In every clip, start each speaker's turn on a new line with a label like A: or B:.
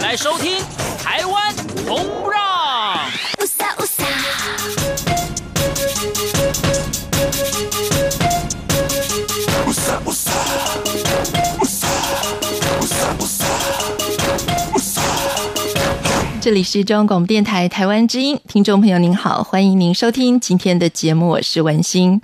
A: 來收聽台灣同不讓。
B: 這裡是中央廣播電台台灣之音，聽眾朋友您好，歡迎您收聽今天的節目，我是文心。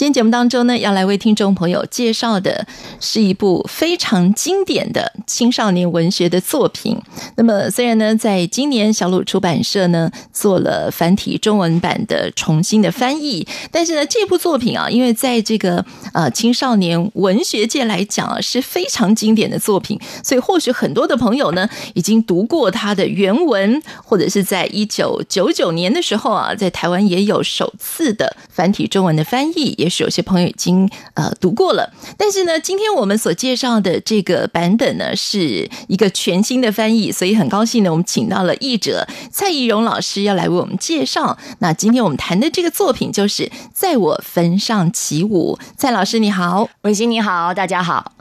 B: 今天節目當中呢，要來為聽眾朋友介紹的是一部非常經典的青少年文學的作品。那麼，雖然呢，在今年小魯出版社呢做了繁體中文版的重新的翻譯，但是呢，這部作品啊，因為在這個呃青少年文學界來講啊，是非常經典的作品，所以或許很多的朋友呢已經讀過它的原文，或者是在一九九九年的時候啊，在台灣也有首次的繁體中文的翻譯也。是有些朋友已經呃讀過了，但是呢，今天我們所介紹的這個版本呢，是一個全新的翻譯，所以很高興呢，我們請到了譯者蔡宜容老師要來為我們介紹。那今天我們談的這個作品就是《在我墳上起舞》，蔡老師你好，文心你好，大家好，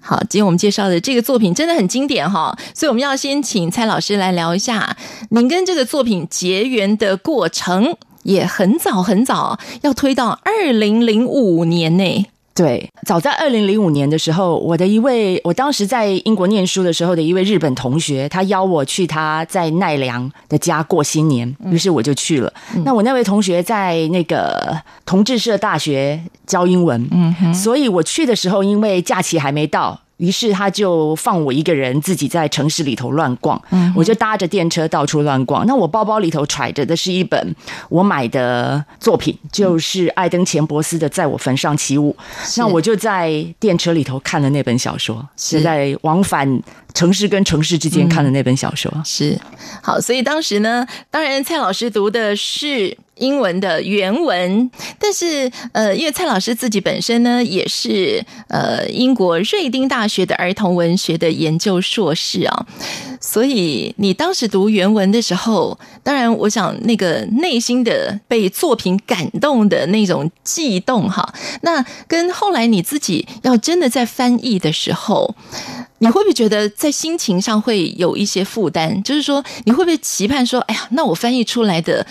B: 好，今天我們介紹的這個作品真的很經典哈，所以我們要先請蔡老師來聊一下您跟這個作品結緣的過程。也很早很早要推到二零零五年呢、欸，對，早在二零零
C: 五年的時候，我的一位，我當時在英國念書的時候的一位日本同學，他邀我去他在奈良的家過新年，於是我就去了。嗯、那我那位同學在那個同志社大學教英文，嗯哼、所以我去的時候，因為假期還沒到。於是他就放我一個人自己在城市裡頭亂逛，嗯嗯，我就搭着電車到處亂逛。那我包包裡頭揣着的是一本我買的作品，就是艾登錢伯斯的《在我墳上起舞》嗯。那我就在電車裡頭看了那本小說，是在往返城市跟城市之間看的那本小說。
B: 是，好，所以當時呢，當然蔡老師讀的是。英文的原文，但是呃，因為蔡老師自己本身呢也是呃英國瑞丁大學的兒童文學的研究碩士啊，所以你當時讀原文的時候，當然我想那個內心的被作品感動的那種悸動哈，那跟後來你自己要真的在翻譯的時候，你會不會覺得在心情上會有一些負擔？就是說，你會不會期盼說，哎呀，那我翻譯出來的，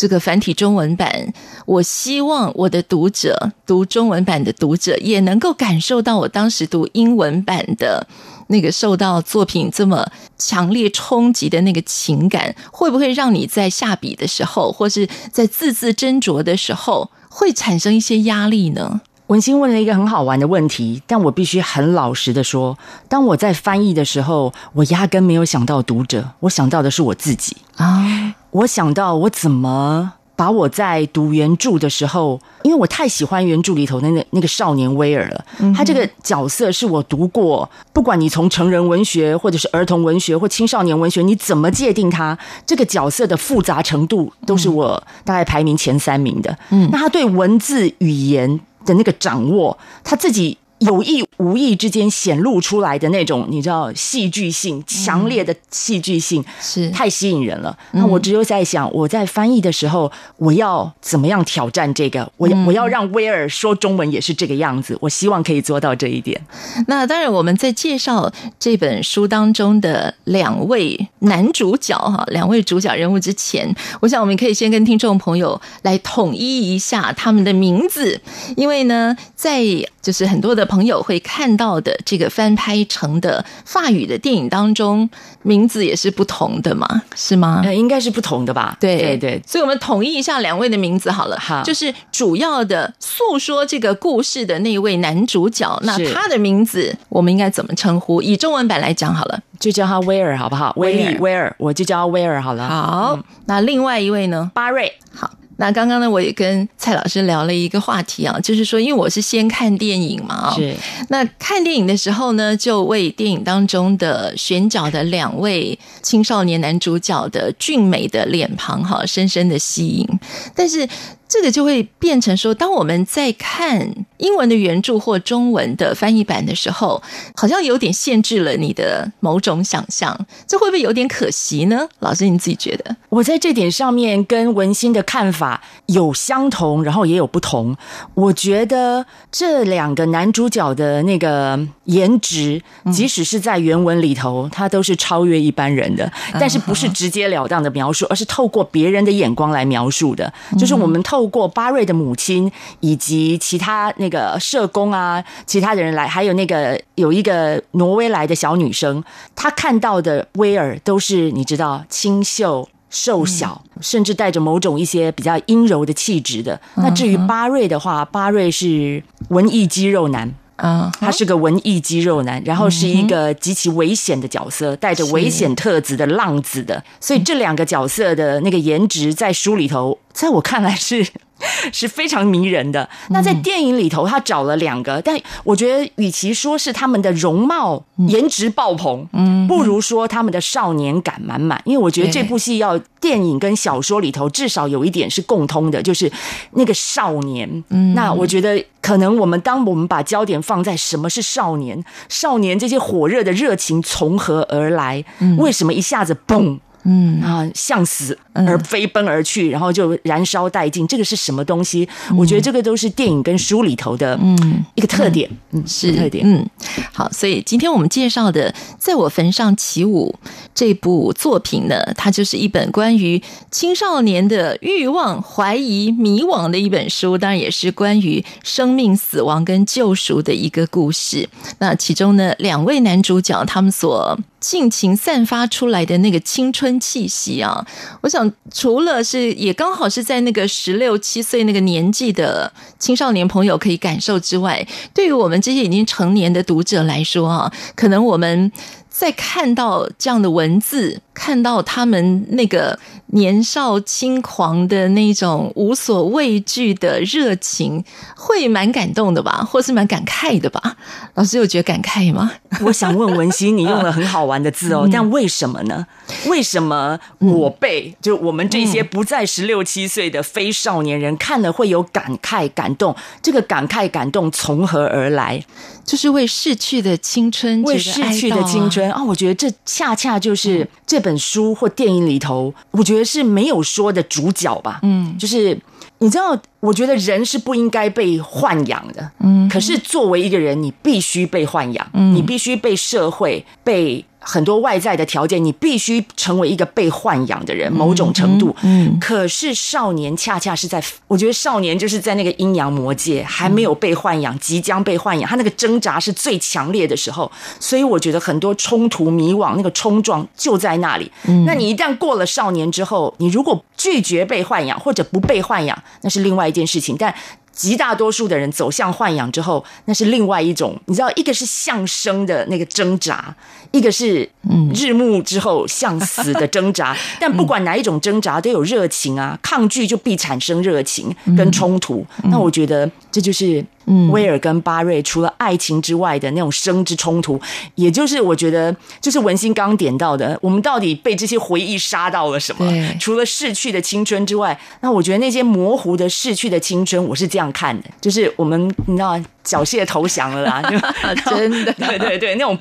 B: 這個繁體中文版，我希望我的讀者讀中文版的讀者也能夠感受到我當時讀英文版的那個受到作品這麼強烈衝擊的那個情感，會不會讓你在下筆的時候，或是在字字斟酌的時候，會產生一些壓力呢？文心問了一個很好玩的問題，但
C: 我必須很老實地說，當我在翻譯的時候，我壓根沒有想到讀者，我想到的是我自己啊。我想到，我怎麼把我在讀原著的時候，因為我太喜歡原著裡頭的那那個、那個少年威爾了、嗯。他這個角色是我讀過，不管你從成人文學，或者是兒童文學，或青少年文學，你怎麼界定他這個角色的複雜程度，都是我大概排名前三名的。嗯。那他對文字語言的那個掌握，他自己。有意無意之間顯露出來的那種，你知道戲劇性，強烈的戲劇性、嗯、是太吸引人了、嗯。那我只有在想，我在翻譯的時候，我要怎麼樣挑戰這個？嗯、我要我要讓威爾說中文也是這個樣子。我希望可以做到這一
B: 點。那當然，我們在介紹這本書當中的兩位男主角哈，兩位主角人物之前，我想我們可以先跟聽眾朋友來統一一下他們的名字，因為呢，在就是很多的。朋友會看到的這個翻拍成的法語的電影當中，名字也是不同的嘛。是嗎？呃，應該是不同的吧，對。對對。所以我們統一一下兩位的名字好了哈。就是主要的訴說這個故事的那位男主角，那他的名字我們應該怎麼稱呼？以中文版來講好了，就叫他威爾好不好？威利威爾，我就叫他威爾好了。好，嗯，那另外一位呢？巴瑞。好。那剛剛呢，我也跟蔡老師聊了一個話題啊，就是說，因為我是先看電影嘛，是，那看電影的時候呢，就為電影當中的選角的兩位青少年男主角的俊美的臉龐哈，深深的吸引，但是。這個就會變成說，當我們在看英文的原著或中文的翻譯版的時候，好像有點限制了你的某種想象。這會不會有點可惜呢？老師，你自己覺得？我在這點上面跟文心的看法有
C: 相同，然後也有不同。我覺得這兩個男主角的那個，顏值，即使是在原文裡頭，它都是超越一般人的，但是不是直截了當的描述，而是透過別人的眼光來描述的。就是我們透過巴瑞的母親以及其他那個社工啊，其他的人來，還有那個有一個挪威來的小女生，她看到的威爾都是你知道清秀、瘦小，甚至帶着某種一些比較陰柔的氣質的。那至於巴瑞的話，巴瑞是文藝肌肉男。嗯、uh-huh.，他是個文藝肌肉男，然後是一個極其危險的角色，帶着危險特質的浪子的，所以這兩個角色的那個顏值在書裡頭，在我看來是。 是非常迷人的。那在電影裡頭，他找了兩個、嗯，但我覺得與其說是他們的容貌顏值爆棚，嗯，不如說他們的少年感滿滿。嗯、因為我覺得這部戲要電影跟小說裡頭至少有一點是共通的，嗯、就是那個少年、嗯。那我覺得可能我們當我們把焦點放在什麼是少年，少年這些火熱的熱情從何而來，嗯、為什麼一下子蹦？嗯啊，向死而飛奔而去，嗯，然後就燃燒殆盡，這個是什
B: 麼東西？嗯、我覺得這個都是電影跟書裡頭的嗯，一個特點，嗯，嗯是特點，嗯。好，所以今天我們介紹的《在我墳上起舞》這部作品呢，它就是一本關於青少年的欲望、懷疑、迷惘的一本書，當然也是關於生命、死亡跟救贖的一個故事。那其中呢，兩位男主角他們所。盡情散發出來的那個青春氣息啊！我想，除了是也剛好是在那個十六七歲那個年紀的青少年朋友可以感受之外，對於我們這些已經成年的讀者來說啊，可能我們在看到這樣的文字，看到他們那個年少輕狂的那種無所畏懼的熱情，會蠻感動的吧，或是蠻感慨的吧？老師有覺得感慨嗎？
C: 我想問文心， 你用了很好玩的字哦、嗯，但
B: 為什麼呢？
C: 為什麼我輩、嗯、就我們這些不再十六七歲的非少年人、嗯、看了會有感慨感動？這個感慨感動從何而來？就是為
B: 逝去的青春、啊，為逝去的青春
C: 啊！我覺得這恰恰就是這。本書或電影裡頭，我覺得是沒有說的主角吧。嗯，就是你知道，我覺得人是不應該被豢養的。嗯，可是作為一個人，你必須被豢養，嗯，你必須被社會被。很多外在的條件，你必須成為一個被豢養的人，某種程度。嗯嗯。可是少年恰恰是在，我覺得少年就是在那個陰陽魔界，還沒有被豢養，即將被豢養，他那個掙扎是最強烈的時候。所以我覺得很多衝突、迷惘，那個衝撞就在那裡。嗯。那你一旦過了少年之後，你如果拒絕被豢養或者不被豢養，那是另外一件事情。但絕大多數的人走向豢養之後，那是另外一種。你知道，一個是向生的那個掙扎。一個是日暮之後向死的掙扎，嗯、但不管哪一種掙扎都有熱情啊， 嗯、抗拒就必產生熱情跟衝突。嗯、那我覺得這就是威爾跟巴瑞除了愛情之外的那種生之衝突，嗯、也就是我覺得就是文心剛點到的，我們到底被這些回憶殺到了什麼？除了逝去的青春之外，那我覺得那些模糊的逝去的青春，我是這樣看的，就是我們那繳械投降了啦！ 啊、真的， 對對
B: 對，那種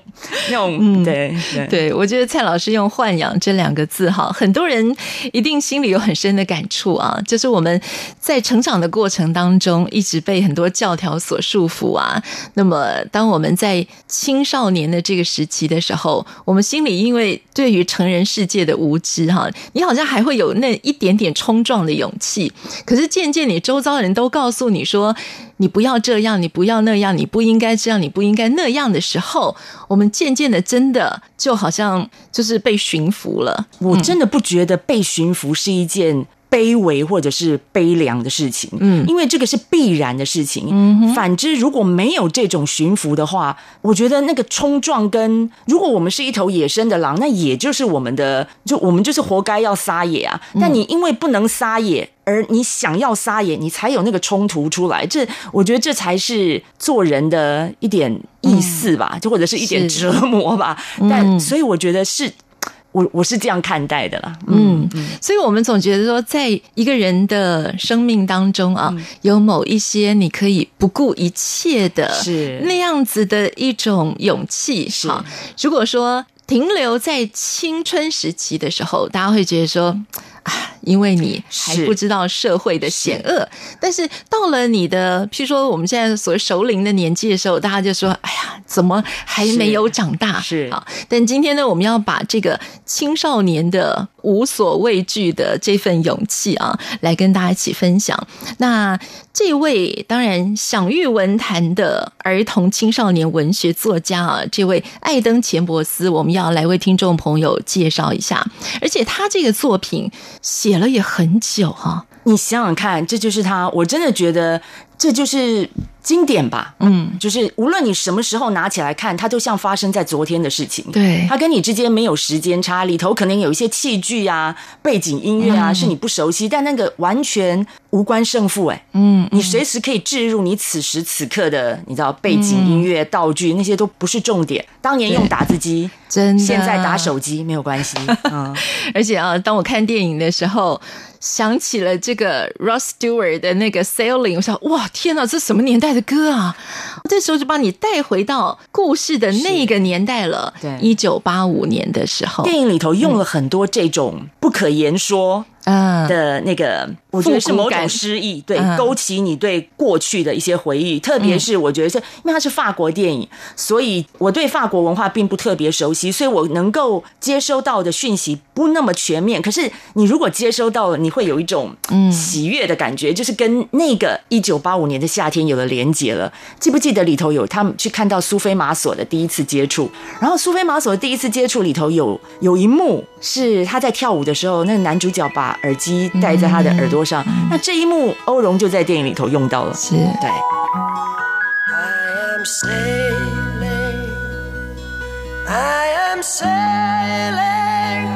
B: 那種，嗯對，對，對我覺得蔡老師用“豢養”這兩個字，哈，很多人一定心裡有很深的感觸啊。就是我們在成長的過程當中，一直被很多教條所束縛啊。那麼，當我們在青少年的這個時期的時候，我們心裡因為對於成人世界的無知、啊，哈，你好像還會有那一點點衝撞的勇氣。可是，漸漸你周遭的人都告訴你說，你不要這樣，你不要那樣，你不應該這樣，你不應該那樣的時候，我們漸漸的，真的就好像就是被馴服了。我真的不覺得被馴服是一件卑微或者是悲涼的事情，
C: 嗯，因為這個是必然的事情。嗯，反之，如果沒有這種馴服的話，我覺得那個衝撞跟如果我們是一頭野生的狼，那也就是我們的，就我們就是活該要撒野啊。但你因為不能撒野，而你想要撒野，你才有那個衝突出來。這我覺得這才是做人的一點意思吧，嗯，就或者是一點折磨吧。但所以我覺得是。我我是這樣
B: 看待的啦，嗯，所以我們總覺得說，在一個人的生命當中啊，嗯、有某一些你可以不顧一切的，是那樣子的一種勇氣。是，如果說停留在青春時期的時候，大家會覺得說，啊因為你還不知道社會的險惡，是是，但是到了你的譬如說我們現在所謂熟齡的年紀的時候，大家就說：“哎呀，怎麼還沒有長大？”是啊。但今天呢，我們要把這個青少年的無所畏懼的這份勇氣啊，來跟大家一起分享。那這位當然享譽文壇的兒童青少年文學作家啊，這位艾登錢伯斯，我們要來為聽眾朋友介紹一下。而且他這個作品演了也很久哈、啊，你想想看，這就是他，
C: 我真的覺得。這就是經典吧，嗯，就是無論你什麼時候拿起來看，它都像發生在昨天的事情。對，它跟你之間沒有時間差，裡頭可能有一些器具啊、背景音樂啊，嗯、是你不熟悉，但那個完全無關勝負、欸，哎，嗯，你隨時可以置入你此時此刻的，你知道背景音樂、嗯、道具那些都不是重點。當年用打字機，
B: 真的，現在打手
C: 機沒有關係。
B: 而且啊，當我看電影的時候。想起了這個 Ross Stewart 的那個 Sailing。我想，哇，天哪，這什麼年代的歌啊？這時候就把你帶回到故事的那個年代了，對，1985年的時候，電
C: 影裡頭用了很多這種不可言說啊的那個、嗯。嗯我覺得是某種詩意，對，勾起你對過去的一些回憶。嗯、特別是我覺得是，因為它是法國電影，所以我對法國文化並不特別熟悉，所以我能夠接收到的訊息不那麼全面。可是你如果接收到了，你會有一種喜悅的感覺，嗯、就是跟那個一九八五年的夏天有了連結了。記不記得裡頭有他們去看到蘇菲瑪索的第一次接觸？然後蘇菲瑪索的第一次接觸裡頭有有一幕是他在跳舞的時候，那個男主角把耳機戴在他的耳朵。嗯嗯上、嗯，那這一幕，歐容就在電影裡頭用到了。是，對。
A: I am sailing, I am sailing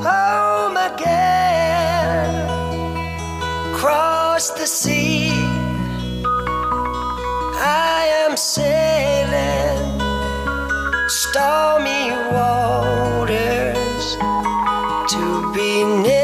A: home again, cross the sea. I am sailing, stormy waters to be near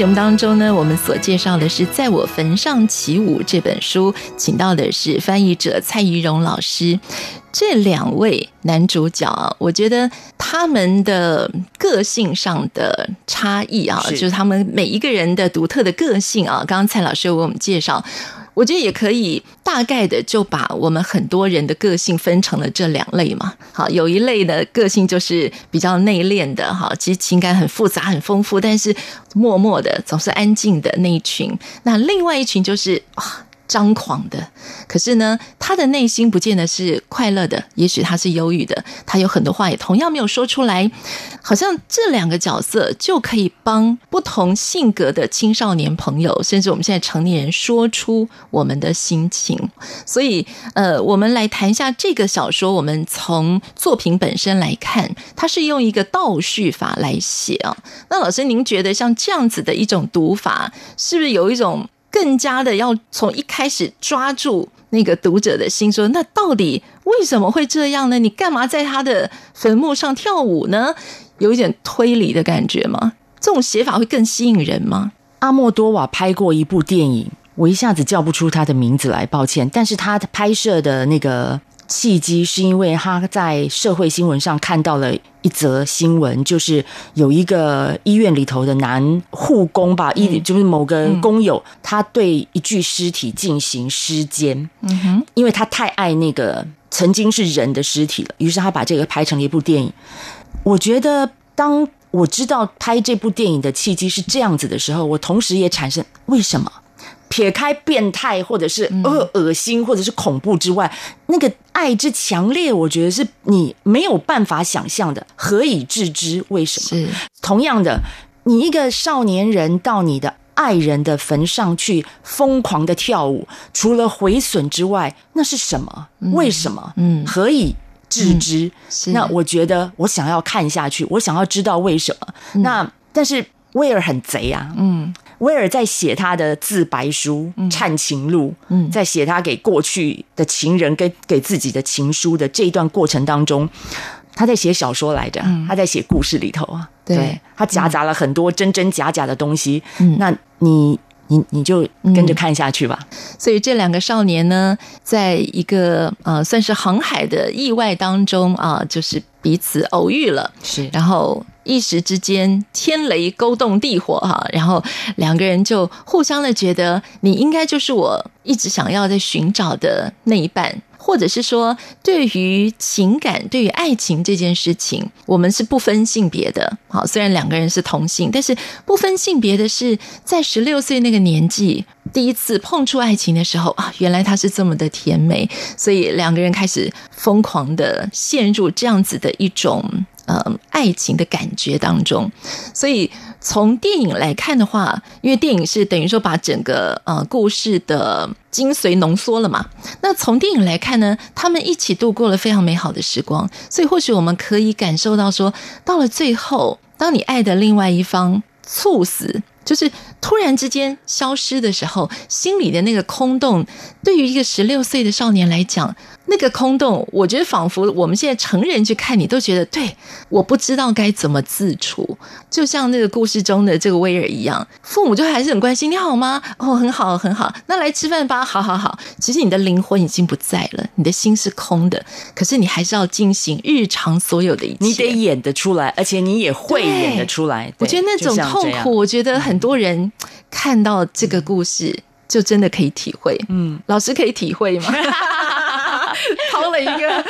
B: 節目當中呢，我們所介紹的是《在我墳上起舞》這本書，請到的是翻譯者蔡怡蓉老師。這兩位男主角啊，我覺得他們的個性上的差異啊，就是他們每一個人的獨特的個性啊。剛剛蔡老師為我們介紹。我覺得也可以大概的就把我們很多人的個性分成了這兩類嘛。好，有一類的個性就是比較內斂的哈，其實情感很複雜很豐富，但是默默的總是安靜的那一群。那另外一群就是，哦張狂的，可是呢，他的內心不見得是快樂的，也許他是憂鬱的，他有很多話也同樣沒有說出來，好像這兩個角色就可以幫不同性格的青少年朋友，甚至我們現在成年人說出我們的心情。所以，呃，我們來談一下這個小說。我們從作品本身來看，它是用一個倒敘法來寫啊。那老師，您覺得像這樣子的一種讀法，是不是有一種？更加的要從一開始抓住那個讀者的心說，說那到底為什麼會這樣呢？你幹嘛在他的墳墓上跳舞呢？有一點推理的感覺嗎？這種寫法會更吸引人嗎？阿莫多瓦拍過一部電影，我一下子叫不出他的名字來，抱歉，但是他
C: 拍攝的那個。契機是因為他在社會新聞上看到了一則新聞，就是有一個醫院裡頭的男護工吧，嗯、一就是某個工友、嗯，他對一具屍體進行屍姦，嗯哼，因為他太愛那個曾經是人的屍體了，於是他把這個拍成了一部電影。我覺得，當我知道拍這部電影的契機是這樣子的時候，我同時也產生為什麼？撇開變態或者是噁噁心或者是恐怖之外，嗯、那個愛之強烈，我覺得是你沒有辦法想象的，何以置之？為什麼？同樣的，你一個少年人到你的愛人的墳上去瘋狂的跳舞，除了毀損之外，那是什麼？為什麼？嗯，何以置之？嗯、那我覺得我想要看下去，我想要知道為什麼。嗯、那但是威爾很賊啊，嗯。威爾在寫他的自白書、懺情錄，嗯，嗯，在寫他給過去的情人跟給自己的情書的這一段過程當中，他在寫小說來着，嗯，他在寫故事裡頭啊，對，對，嗯，他夾雜了很多真真假假的東西，嗯，
B: 那你。你你就跟着看下去吧。嗯。所以這兩個少年呢，在一個呃算是航海的意外當中啊、呃，就是彼此偶遇了。是，然後一時之間天雷勾動地火哈，然後兩個人就互相的覺得，你應該就是我一直想要在尋找的那一半。或者是說，對於情感、對於愛情這件事情，我們是不分性別的。好，雖然兩個人是同性，但是不分性別的是，在十六歲那個年紀，第一次碰觸愛情的時候，啊，原來它是這麼的甜美，所以兩個人開始瘋狂的陷入這樣子的一種。呃愛情的感覺當中，所以從電影來看的話，因為電影是等於說把整個呃故事的精髓濃縮了嘛。那從電影來看呢，他們一起度過了非常美好的時光。所以或許我們可以感受到，說到了最後，當你愛的另外一方猝死，就是突然之間消失的時候，心裡的那個空洞，對於一個十六歲的少年來講。那個空洞，我覺得仿佛我們現在成人去看你，都覺得對，我不知道該怎麼自處，就像那個故事中的這個威爾一樣，父母就還是很關心，你好嗎？哦，很好，很好，那來吃飯吧，好好好。其實你的靈魂已經不在了，你的心是空的，可是你還是要進行日常所有的一切，你得演得出來，而且你也會演得出來。我覺得那種痛苦，我覺得很多人看到這個故事、嗯、就真的可以體會。嗯，老師可以體會嗎？
A: 拋 了一個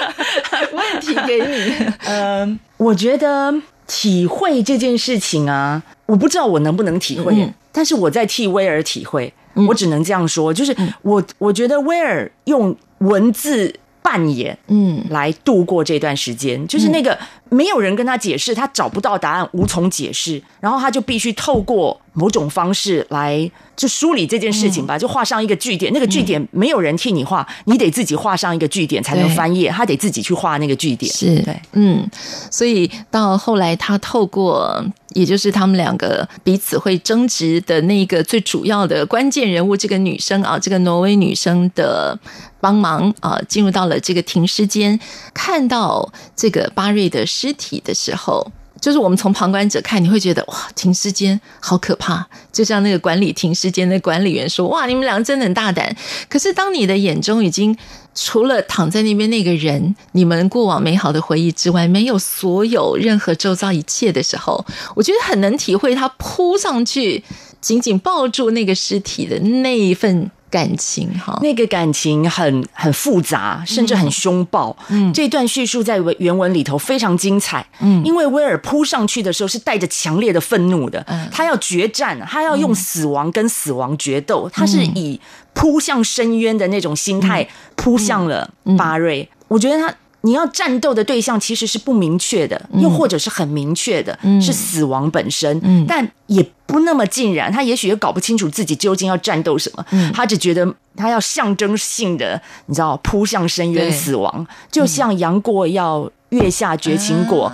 A: 問題給你。嗯、um，
C: 我覺得體會這件事情啊，我不知道我能不能體會，嗯，但是我在替威爾體會，嗯。我只能這樣說，就是我我覺得威爾用文字扮演，嗯，來度過這段時間，嗯，就是那個。沒有人跟他解釋，他找不到答案，無從解釋。然後他就必須透過某種方式來就梳理這件事情吧，嗯、就畫上一個句點。那個句點沒有人替你畫，嗯、你得
B: 自己畫上一個句點才能翻頁。他得自己去畫那個句點。是，對，嗯，所以到後來他透過。也就是他們兩個彼此會爭執的那一個最主要的關鍵人物，這個女生啊，這個挪威女生的幫忙啊，進入到了這個停屍間，看到這個巴瑞的屍體的時候。就是我們從旁觀者看，你會覺得哇，停屍間好可怕。就像那個管理停屍間的管理員說：“哇，你們兩個真的很大膽。”可是當你的眼中已經除了躺在那邊那個人，你們過往美好的回憶之外，沒有所有任何周遭一切的時候，我覺得很能體會他撲上去緊緊抱住那個屍體的那一份。感情哈，那個感情很
C: 很複雜，甚至很兇暴。嗯，這段敘述在原文裡頭非常精彩。嗯，因為威爾撲上去的時候是帶着強烈的憤怒的，嗯、他要決戰，他要用死亡跟死亡決鬥，嗯，他是以撲向深淵的那種心態撲向了巴瑞。嗯嗯嗯，我覺得他。你要戰鬥的對象其實是不明確的、嗯，又或者是很明確的，是死亡本身，嗯嗯、但也不那麼盡然。他也許也搞不清楚自己究竟要戰鬥什麼、嗯，他只覺得他要象徵性的，你知道，撲向深淵，死亡，就像楊過要躍下絕情谷，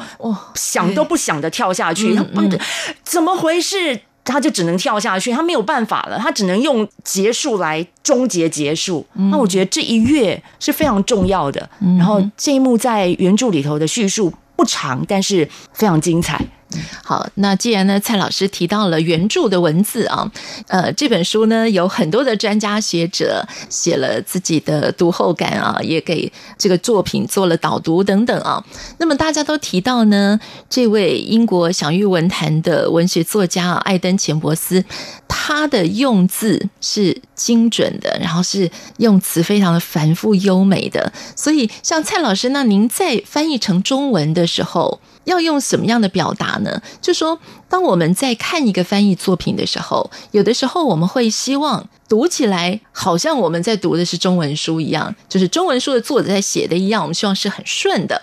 C: 想都不想的跳下去，不，怎麼回事？他就只能跳下去，他沒有辦法了，他只能用結束來終結結束，嗯。那我覺得這一躍
B: 是非常重要的，嗯。然後這一幕在原著裡頭的敘述不長，但是非常精彩。好，那既然呢，蔡老師提到了原著的文字啊，呃，這本書呢有很多的專家學者寫了自己的讀後感啊，也給這個作品做了導讀等等啊。那麼大家都提到呢，這位英國享譽文壇的文學作家艾登·錢伯斯，他的用字是精準的，然後是用詞非常的繁複優美的。所以像蔡老師，那您在翻譯成中文的時候。要用什麼樣的表達呢？就說當我們在看一個翻譯作品的時候，有的時候我們會希望讀起來好像我們在讀的是中文書一樣，就是中文書的作者在寫的一樣，我們希望是很順的。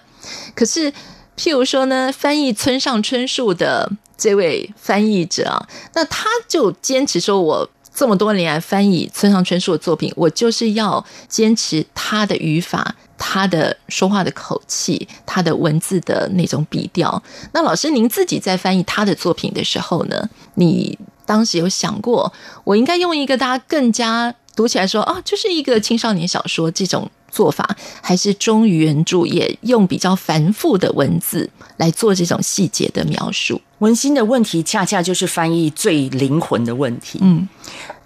B: 可是，譬如說呢，翻譯村上春樹的這位翻譯者啊，那他就堅持說，我這麼多年來翻譯村上春樹的作品，我就是要堅持他的語法。他的說話的口氣，他的文字的那種筆調。那老師，您自己在翻譯他的作品的時候呢？你當時有想過，我應該用一個大家更加讀起來說啊、哦，就是一個青少年小說這種做法，還是忠於原著，也用比較繁複的文字來做這種細節的描述？文心的問題，恰恰就是翻譯最靈魂的問
C: 題。嗯，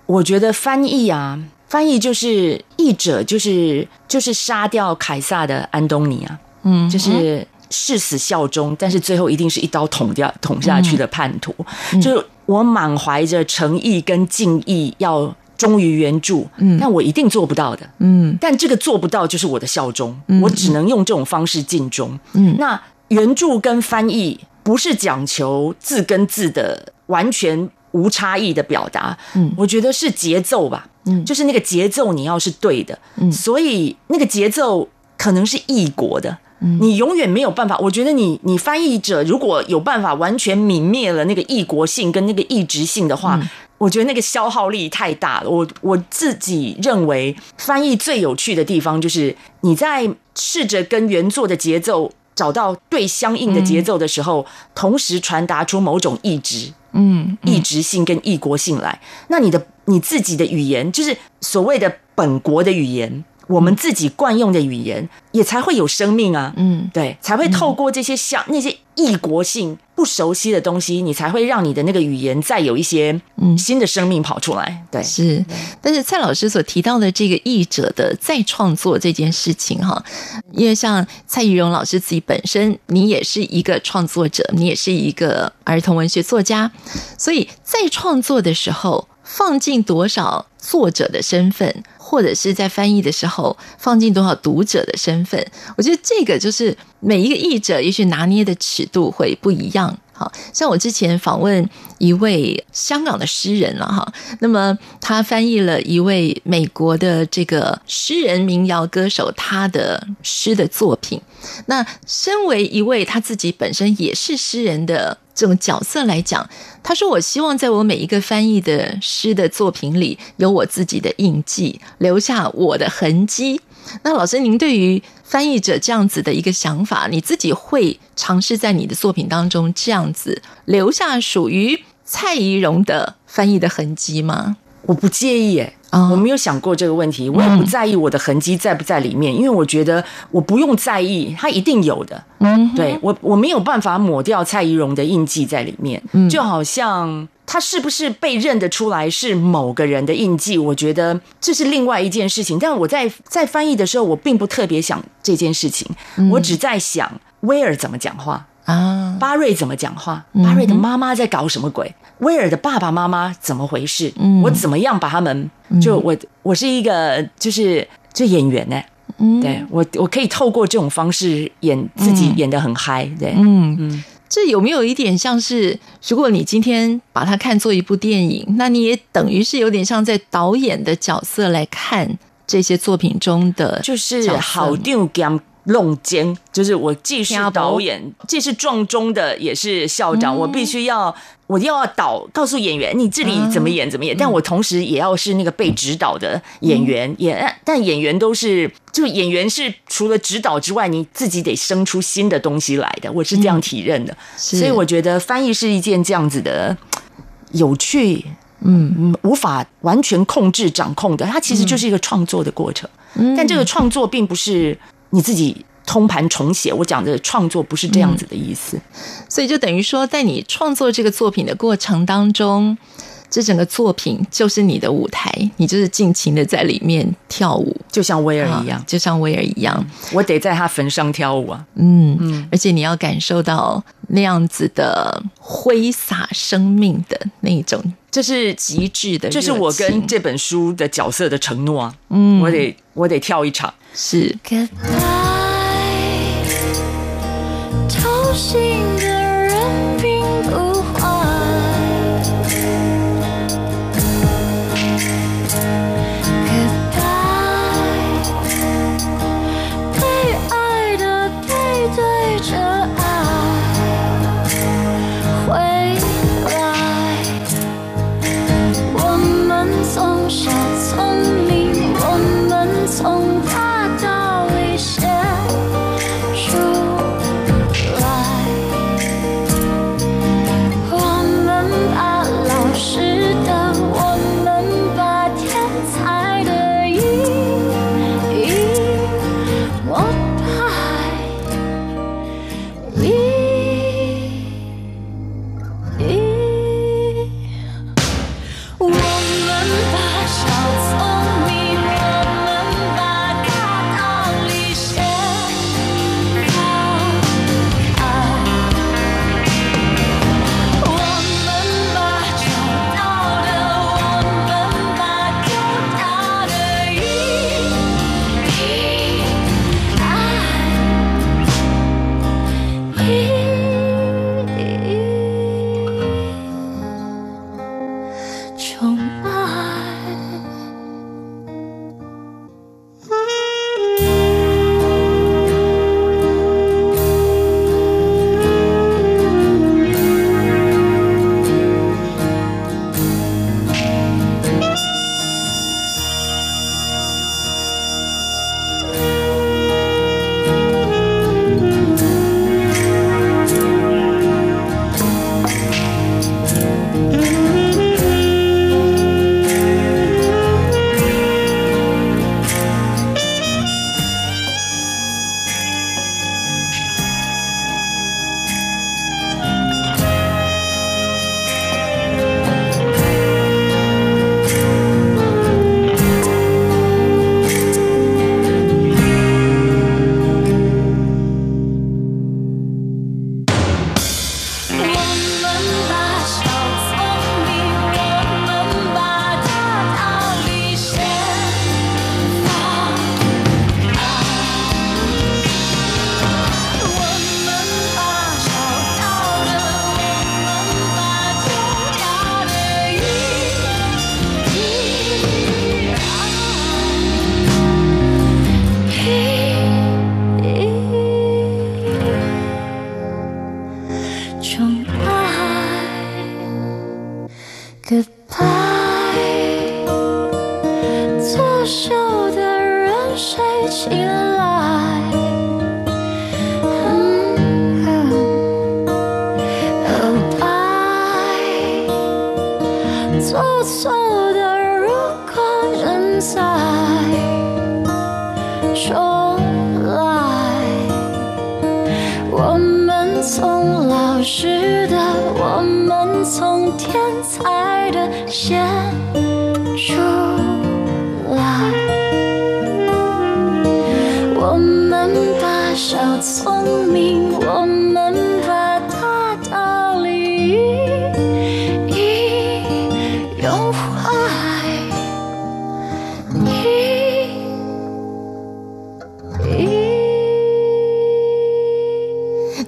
C: 我覺得翻譯啊。翻譯就是譯者，就是，就是就是殺掉凱撒的安東尼啊，嗯，就是誓死效忠，但是最後一定是一刀捅掉捅下去的叛徒。嗯，就是我滿懷着誠意跟敬意要忠於原著，嗯，但我一定做不到的，嗯。但這個做不到就是我的效忠，嗯，我只能用這種方式盡忠。嗯，那原著跟翻譯不是講求字跟字的完全無差異的表達，嗯，我覺得是節奏吧。就是那個節奏，你要是對的。嗯，所以那個節奏可能是異國的。嗯，你永遠沒有辦法。我覺得你，你翻譯者如果有辦法完全泯滅了那個異國性跟那個異質性的話，嗯，我覺得那個消耗力太大了。我我自己認為，翻譯最有趣的地方就是你在試着跟原作的節奏找到對相應的節奏的時候，嗯，同時傳達出某種異質。嗯、嗯，異質性跟異國性來，那你的你自己的語言，就是所謂的本國的語言。 我們自己慣用的語言，也才會有生命啊！嗯，對，才會透過這些像、嗯、那些異國性不熟悉的東西，你才會讓你的那個語言再有一些新的生
B: 命跑出來。對，是。但是蔡老師所提到的這個譯者的再創作這件事情，哈，因為像蔡宜容老師自己本身，你也是一個創作者，你也是一個兒童文學作家，所以在創作的時候。放進多少作者的身份，或者是在翻譯的時候放進多少讀者的身份？我覺得這個就是每一個譯者也許拿捏的尺度會不一樣。哈，像我之前訪問一位香港的詩人了，哈，那麼他翻譯了一位美國的這個詩人民謠歌手他的詩的作品。那身為一位他自己本身也是詩人的，這種角色來講，他說：“我希望在我每一個翻譯的詩的作品裡，有我自己的印記，留下我的痕跡。”那老師，您對於翻譯者這樣子的一個想法，你自己會嘗試在你的作品當中這樣子留下屬於蔡宜容的翻譯的痕跡嗎？我不介意耶。誒。Oh, 我沒有想過這個問題，我也不在意我的痕跡在不在
C: 裡面，mm -hmm. 因為我覺得我不用在意，它一定有的。嗯，
B: 對，
C: 我我沒有辦法抹掉蔡宜容的印記在裡面，mm -hmm. 就好像她是不是被認得出來是某個人的印記，我覺得這是另外一件事情。但我在在翻譯的時候，我並不特別想這件事情，我只在想威爾怎麼講話。啊，巴瑞怎麼講話？巴瑞的媽媽在搞什麼鬼？嗯、威爾的爸爸媽媽怎麼回事？嗯、我怎麼樣把他們？嗯、就我，我是一個，就是就演員呢。
B: 嗯，對我，我可以透過這種方式演自己，演得很嗨，嗯。對，嗯嗯，這有沒有一點像是，如果你今天把它看作一部電影，那你也等於是有點像在導演的角色來看這些作品中的，就是好
C: 定 game。弄尖，就是我既是導演，既是撞鐘的，也是校長。嗯、我必須要，我又要導告訴演員你這裡怎麼演，怎麼演、嗯。但我同時也要是那個被指導的演員。演、嗯，但演員都是就演員是除了指導之外，你自己得生出新的東西來的。我是這樣體認的，嗯、所以我覺得翻譯是一件這樣子的有趣，嗯，無法完全控制掌控的。它其實就是一個創作的過程，嗯、但這個創作
B: 並不是。你自己通盤重寫，我講的創作不是這樣子的意思。嗯，所以就等於說，在你創作這個作品的過程當中。這整個作品就是你的舞台，你就是盡情的在裡面跳舞，就像威爾一樣，啊，就像威爾一樣，我得在他墳上跳舞啊！嗯嗯，而且你要感受到那樣子的揮灑生命的那一種，這，就是極
C: 致的，這，就是我跟這本書的角色的承諾啊！嗯，我得我得跳一場，
A: 是。goodbye。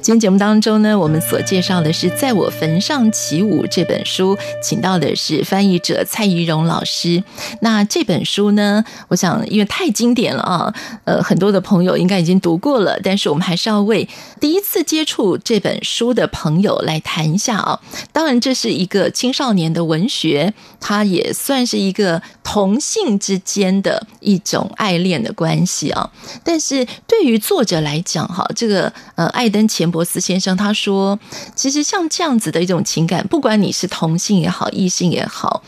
B: 今天節目當中呢，我們所介紹的是《在我墳上起舞》這本書，請到的是翻譯者蔡宜容老師。那這本書呢，我想因為太經典了啊，呃，很多的朋友應該已經讀過了，但是我們還是要為第一次接觸這本書的朋友來談一下啊。當然，這是一個青少年的文學，它也算是一個。同性之間的一種愛戀的關係啊，但是對於作者來講，哈，這個呃，艾登錢伯斯先生他說，其實像這樣子的一種情感，不管你是同性也好，異性也好，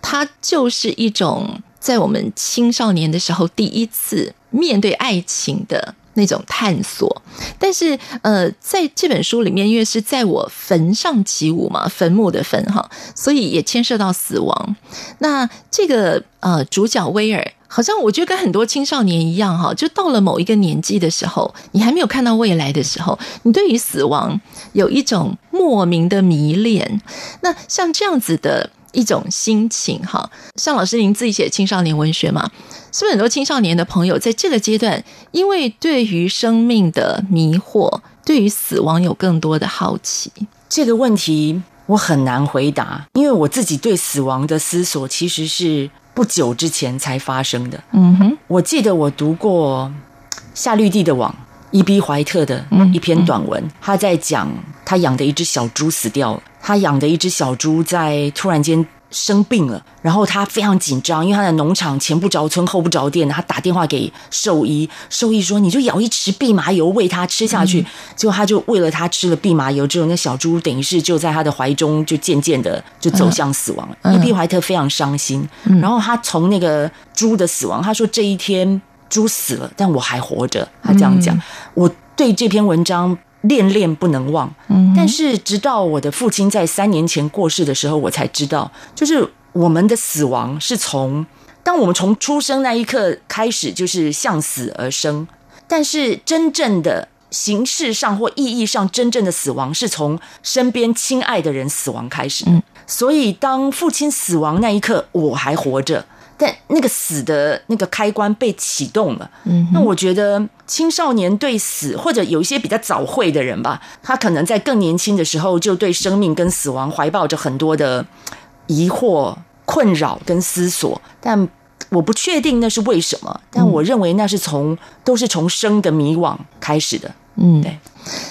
B: 它就是一種在我們青少年的時候第一次面對愛情的。那種探索，但是呃，在這本書裡面，因為是在我墳上起舞嘛，墳墓的墳哈，所以也牽涉到死亡。那這個呃，主角威爾，好像我覺得跟很多青少年一樣哈，就到了某一個年紀的時候，你還沒有看到未來的時候，你對於死亡有一種莫名的迷戀。那像這樣子的。一種心情哈，像老師您自己寫青少年文學嘛，是不是很多青少年的朋友在這個階段，因為對於生命的迷惑，對於死亡有更多的好
C: 奇？這個問題我很難回答，因為我自己對死亡的思索其實是不久之前才發生的。嗯哼，我記得我讀過《夏綠蒂的網》。伊比懷特的一篇短文，嗯嗯，他在講他養的一隻小豬死掉了。他養的一隻小豬在突然間生病了，然後他非常緊張，因為他的農場前不着村後不着店，他打電話給獸醫。獸醫說：“你就舀一匙蓖麻油餵它吃下去。嗯”結果他就餵了他吃了蓖麻油之後，那小豬等於是就在他的懷中就漸漸的就走向死亡。嗯，伊比懷特非常傷心，嗯。然後他從那個豬的死亡，他說這一天。豬死了，但我還活着。他這樣講。Mm -hmm. 我對這篇文章戀戀不能忘。Mm -hmm. 但是直到我的父親在三年前過世的時候，我才知道，就是我們的死亡是從，當我們從出生那一刻開始，就是向死而生。但是真正的形式上或意義上真正的死亡，是從身邊親愛的人死亡開始。嗯、mm -hmm.，所以當父親死亡那一刻，我還活着。但那個死的那個開關被啟動了，嗯，那我覺得青少年對死或者有一些比較早會的人吧，他可能在更年輕的時候就對生命跟死亡懷抱着很多的疑惑、困擾跟思索。但我不確定那是為什麼，但我認為那是從、嗯、都是從生的迷惘開始的，
B: 嗯，對。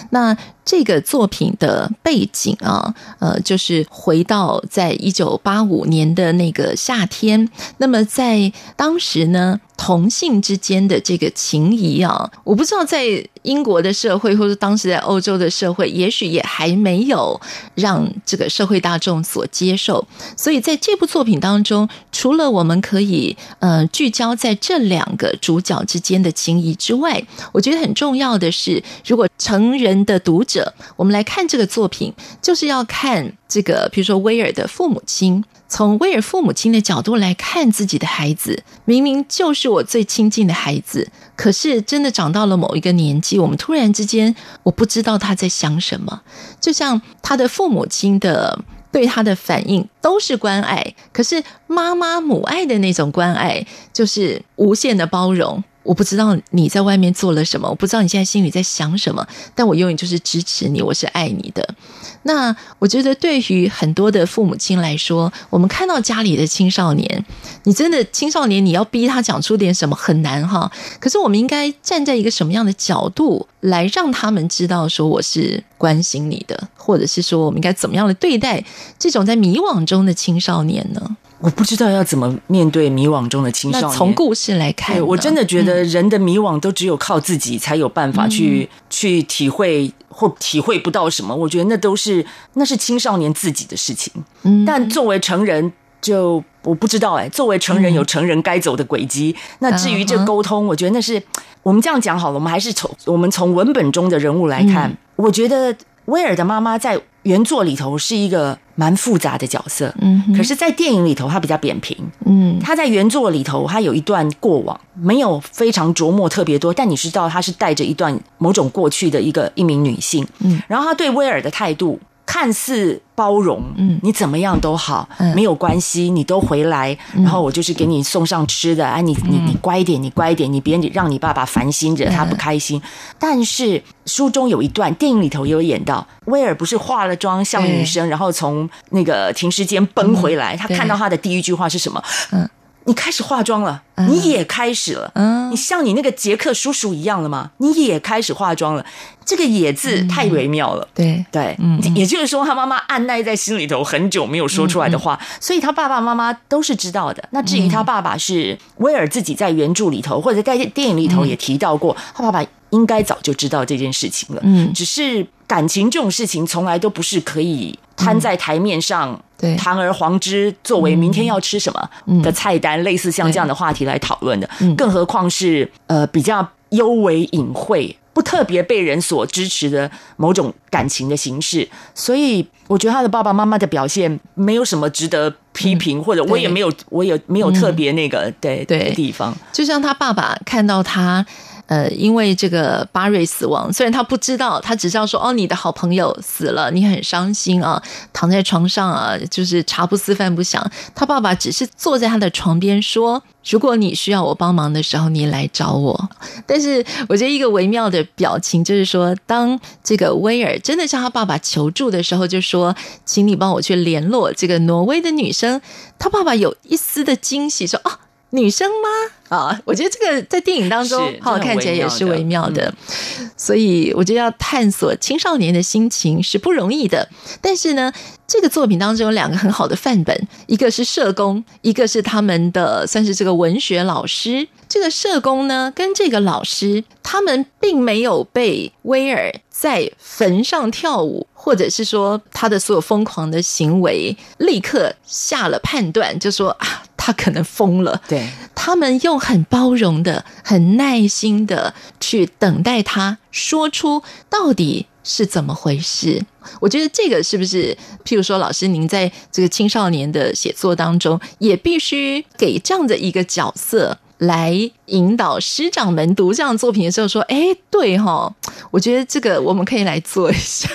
B: 那這個作品的背景啊，呃，就是回到在一九八五年的那個夏天。那麼在當時呢，同性之間的這個情誼啊，我不知道在英國的社會或者當時在歐洲的社會，也許也還沒有讓這個社會大眾所接受。所以在這部作品當中，除了我們可以呃聚焦在這兩個主角之間的情誼之外，我覺得很重要的是，如果成成人的讀者，我們來看這個作品，就是要看這個，比如說威爾的父母親，從威爾父母親的角度來看自己的孩子，明明就是我最親近的孩子，可是真的長到了某一個年紀，我們突然之間，我不知道他在想什麼，就像他的父母親的對他的反應都是關愛，可是媽媽母愛的那種關愛，就是無限的包容。我不知道你在外面做了什麼，我不知道你現在心裡在想什麼，但我永遠就是支持你，我是愛你的。那我覺得對於很多的父母親來說，我們看到家裡的青少年，你真的青少年，你要逼他講出點什麼很難哈。可是我們應該站在一個什麼樣的角度來讓他們知道說，我是關心你的，或者是說我們應該怎麼樣的對待這種在迷惘中的青少年呢？
C: 我不知道要怎麼面對迷惘中的青少年。從故事來看，我真的覺得人的迷惘都只有靠自己才有辦法去、嗯、去體會或體會不到什麼。我覺得那都是那是青少年自己的事情。嗯，但作為成人就，就我不知道哎、欸。作為成人，有成人該走的軌跡。嗯、那至於這溝通，嗯、我覺得那是我們這樣講好了。我們還是從我們從文本中的人物來看，嗯、我覺得威爾的媽媽在。原作裡頭是一個蠻複雜的角色，嗯、mm-hmm.，可是在電影裡頭，他比較扁平，嗯、
A: mm-hmm.，
B: 他
C: 在原作裡頭，他有一段過往，沒有非常琢磨特別多，但你知道，他是帶着一段某種過去的一個一名女性，嗯，然後他對威爾的態度，看似包容，嗯，你怎麼樣都好、嗯，沒有關係，你都回來、嗯，然後我就是給你送上吃的、嗯、啊，你你你乖一點，你乖一點，你別讓你爸爸煩心惹、嗯，他不開心。但是書中有一段，電影裡頭有演到，威爾不是化了妝像女生，嗯、然後從那個停屍間奔回來、嗯，他看到他的第一句話是什麼？嗯。你開始化妝了，uh, 你也開始了，嗯、uh,，你像你那個傑克叔叔一樣了嗎？你也開始化妝了，這個「也」字太微妙了，對、mm -hmm. 對，嗯、mm -hmm.，也就是說，他媽媽按捺在心裡頭很久沒有說出來的話，mm -hmm. 所以他爸爸媽媽都是知道的。那至於他爸爸是威爾自己在原著裡頭或者在電影裡頭也提到過，mm -hmm. 他爸爸應該早就知道這件事情了，嗯、mm -hmm.，只是感情這種事情從來都不是可以攤在台面上。Mm -hmm. 堂而皇之作為明天要吃什麼的菜單，嗯嗯、類似像這樣的話題來討論的、嗯，更何況是呃比較幽微隱晦、不特別被人所支持的某種感情的形式。所以我覺得他的爸爸媽媽的表現沒有什麼值得批評、嗯，或者我也沒有我也沒有特別那個對對的地方。
B: 就像他爸爸看到他。呃，因為這個巴瑞死亡，雖然他不知道，他只知道說哦，你的好朋友死了，你很傷心啊，躺在床上啊，就是茶不思飯不想。他爸爸只是坐在他的床邊說：“如果你需要我幫忙的時候，你來找我。”但是我覺得一個微妙的表情，就是說，當這個威爾真的向他爸爸求助的時候，就說：“請你幫我去聯絡這個挪威的女生。”他爸爸有一絲的驚喜，說：“哦。”女生嗎？啊，我覺得這個在電影當中好，好看起來也是微妙的，真的微妙這樣，嗯，所以我覺得要探索青少年的心情是不容易的。但是呢，這個作品當中有兩個很好的範本，一個是社工，一個是他們的算是這個文學老師。這個社工呢，跟這個老師，他們並沒有被威爾在墳上跳舞，或者是說他的所有瘋狂的行為立刻下了判斷，就說啊。他可能瘋了，對，他們又很包容的、很耐心的去等待他說出到底是怎麼回事。我覺得這個是不是，譬如說，老師您在這個青少年的寫作當中，也必須給這樣的一個角色來引導師長們讀這樣作品的時候說：“誒，對哈、哦，我覺得這個我們可以來做一下。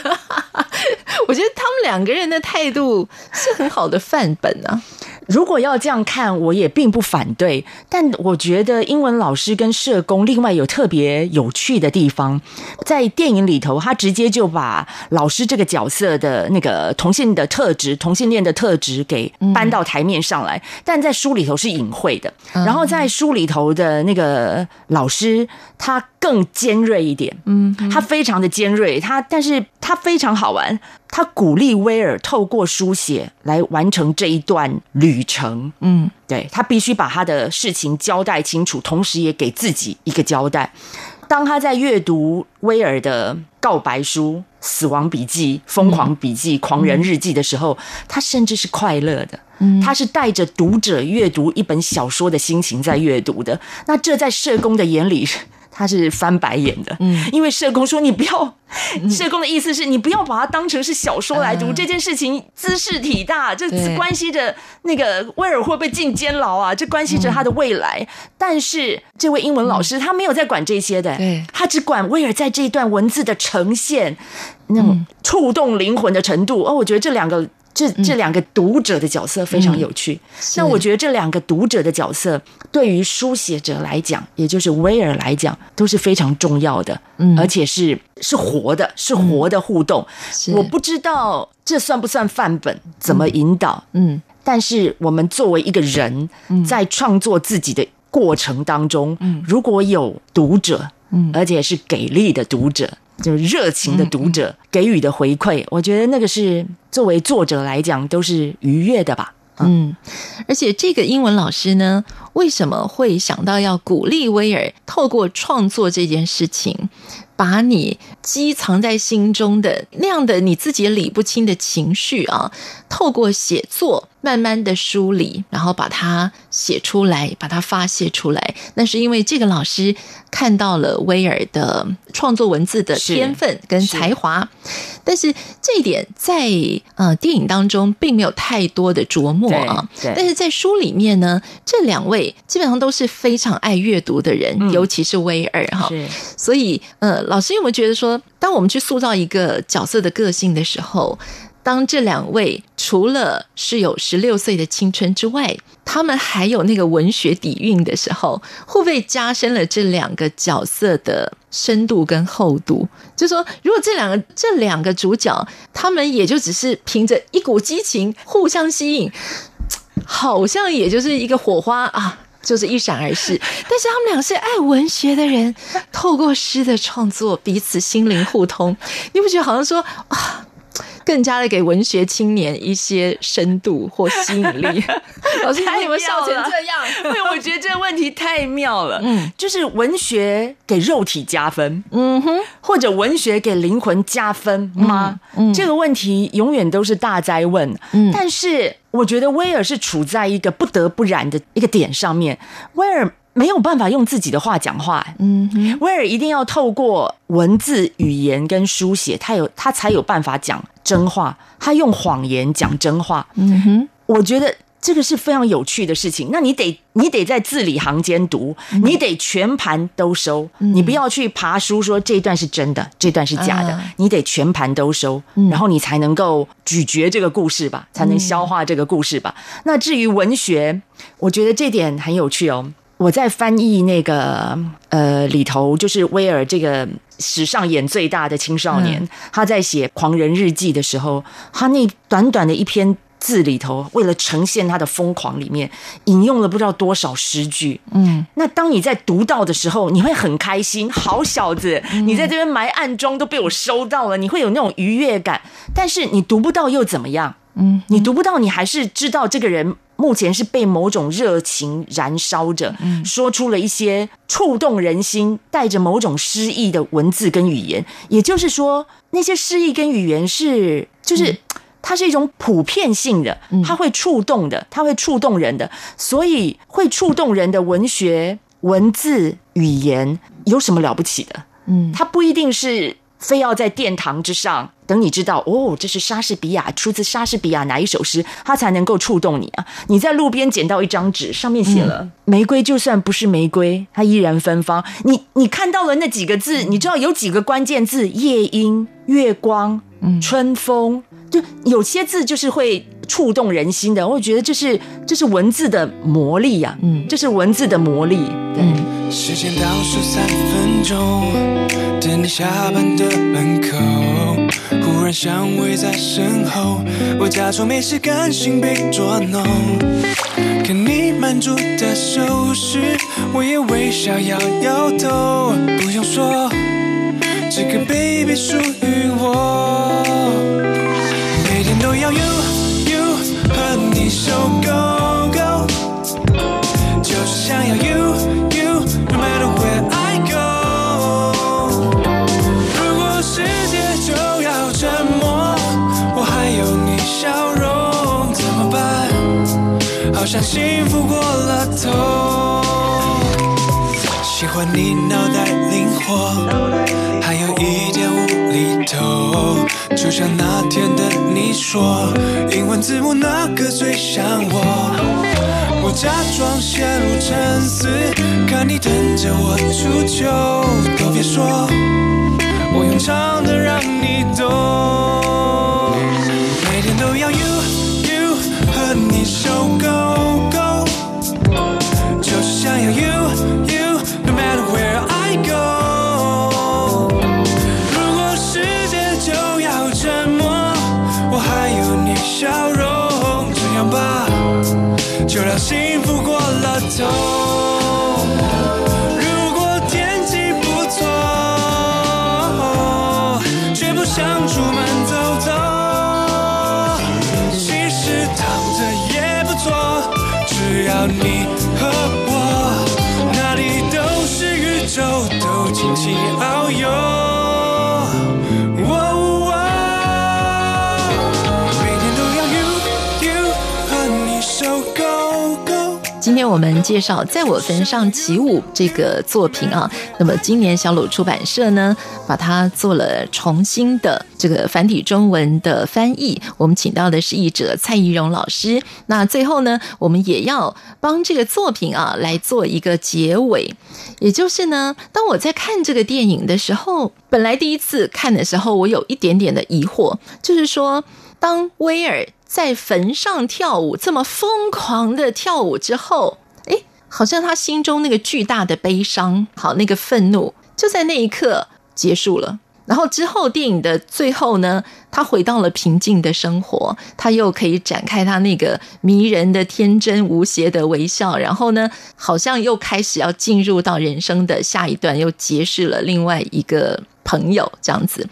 B: ”我覺得他們兩個人的態度是很好的範本啊。如果要這樣
C: 看，我也並不反對。但我覺得英文老師跟社工另外有特別有趣的地方，在電影裡頭，他直接就把老師這個角色的那個同性的特質、同性戀的特質給搬到台面上來，但在書裡頭是隱晦的。然後在書裡頭的那個老師，他。更尖銳一點，嗯，他非常的尖銳，他，但是他非常好玩，他鼓勵威爾透過書寫來完成這一段旅程，嗯，對，他必須把他的事情交代清楚，同時也給自己一個交代。當他在閱讀威爾的告白書、死亡筆記、瘋狂筆記、狂人日記的時候，嗯，他甚至是快樂的，嗯，他是帶着讀者閱讀一本小說的心情在閱讀的。那這在社工的眼裡。他是翻白眼的，嗯，因為社工說你不要、嗯，社工的意思是你不要把它當成是小說來讀。嗯、這件事情茲事體大，嗯，這關係着那個威爾會不會進監牢啊，嗯？這關係着他的未來。但是這位英文老師他沒有在管這些的，嗯、他只管威爾在這一段文字的呈現、嗯、那種觸動靈魂的程度。哦，我覺得這兩個。這這兩個讀者的角色非常有趣。那、嗯、我覺得這兩個讀者的角色對於書寫者來講，也就是威爾來講，都是非常重要的，嗯，而且是是活的，是活的互動、嗯。我不知道這算不算範本，怎麼引導？嗯，但是我們作為一個人，在創作自己的過程當中，嗯，如果有讀者，嗯，而且是給力的讀者。就熱情的讀者給予的回饋，嗯，我覺得
B: 那個是作為作者來講都是愉悅的吧，嗯。嗯，而且這個英文老師呢，為什麼會想到要鼓勵威爾透過創作這件事情，把你積藏在心中的那樣的你自己理不清的情緒啊，透過寫作慢慢的梳理，然後把它寫出來，把它發洩出來。那是因為這個老師看到了威爾的創作文字的天分跟才華，是是，但是這一點在呃電影當中並沒有太多的琢磨啊。對對。但是在書裡面呢，這兩位基本上都是非常愛閱讀的人，嗯、尤其是威爾哈，所以呃老師有沒有覺得說？當我們去塑造一個角色的個性的時候，當這兩位除了是有十六歲的青春之外，他們還有那個文學底蘊的時候，會不會加深了這兩個角色的深度跟厚度？就說如果這兩個這兩個主角，他們也就只是憑着一股激情互相吸引，好像也就是一個火花啊。就是一閃而逝，但是他們倆是愛文學的人，透過詩的創作彼此心靈互通，你不覺得好像說啊？更加的給文學青年一些深度或吸引力。 老師，你們笑
C: 成這樣！對，我覺得這個問題太妙了。 嗯，就是文學給肉體加分，嗯哼，或者文學給靈魂加分嗎？嗯啊嗯。這個問題永遠都是大哉問。嗯，但是我覺得威爾是處在一個不得不然的一個點上面，威爾，沒有辦法用自己的話講話，
A: 嗯，威爾
C: 一定要透過文字、語言跟書寫，他有他才有辦法講真話。他用謊言講真話，嗯
A: 哼，
C: 我覺得這個是非常有趣的事情。那你得你得在字裡行間讀，你得全盤都收，嗯、你不要去爬書說這一段是真的，這段是假的，嗯、你得全盤都收、嗯，然後你才能夠咀嚼這個故事吧、嗯，才能消化這個故事吧。那至於文學，我覺得這點很有趣哦。我在翻譯那個呃裡頭，就是威爾這個史上演最大的青少年、嗯，他在寫《狂人日記》的時候，他那短短的一篇字裡頭，為了呈現他的瘋狂，裡面引用了不知道多少詩句。嗯，那當你在讀到的時候，你會很開心，好小子，嗯、你在這邊埋暗中都被我收到了，你會有那種愉悅感。但是你讀不到又怎麼樣？嗯，你讀不到，你還是知道這個人。目前是被某種熱情燃燒着，嗯，說出了一些觸動人心、帶着某種詩意的文字跟語言。也就是說，那些詩意跟語言是，就是、嗯、它是一種普遍性的，它會觸動的，它會觸動人的。所以，會觸動人的文學、文字、語言有什麼了不起的？嗯，它不一定是非要在殿堂之上。等你知道哦，這是莎士比亞，出自莎士比亞哪一首詩，他才能夠觸動你啊？你在路邊撿到一張紙，上面寫了“嗯、玫瑰就算不是玫瑰，它依然芬芳”你。你你看到了那幾個字，你知道有幾個關鍵字：夜鶯、月光、春風、嗯，就有些字就是會。觸動人心的，我覺得這是這是文字的魔力啊。嗯，這是文字的魔力嗯，嗯，時間倒數三分鐘，
D: 等你下班的門口，忽然想回在身後，我假裝沒事，甘心被捉弄，看你滿足的手勢，我也微笑搖搖頭，不用說這個 baby 屬於我，每天都要擁就夠夠，就是想要 you you，no matter where I go，如果世界就要沉默，我還有你笑容，怎麼辦？好像幸福過了頭。喜歡你腦袋靈活，還有一件。就像那天的你說，英文字母哪個最像我？我假裝陷入沉思，看你等着我出糗，都別說，我用唱的讓你懂。就讓幸福過了頭。如果天氣不錯，卻不想出門走走，其實躺着也不錯。只要你和我，哪裡都是宇宙，都盡情遨遊。
B: 我們介紹《在我墳上起舞》這個作品啊，那麼今年小魯出版社呢把它做了重新的這個繁體中文的翻譯。我們請到的是譯者蔡怡蓉老師。那最後呢，我們也要幫這個作品啊來做一個結尾，也就是呢，當我在看這個電影的時候，本來第一次看的時候，我有一點點的疑惑，就是說當威爾。在墳上跳舞，這麼瘋狂的跳舞之後，哎，好像他心中那個巨大的悲傷，好，那個憤怒，就在那一刻結束了。然後之後，電影的最後呢，他回到了平靜的生活，他又可以展開他那個迷人的、天真無邪的微笑。然後呢，好像又開始要進入到人生的下一段，又結識了另外一個朋友，這樣子。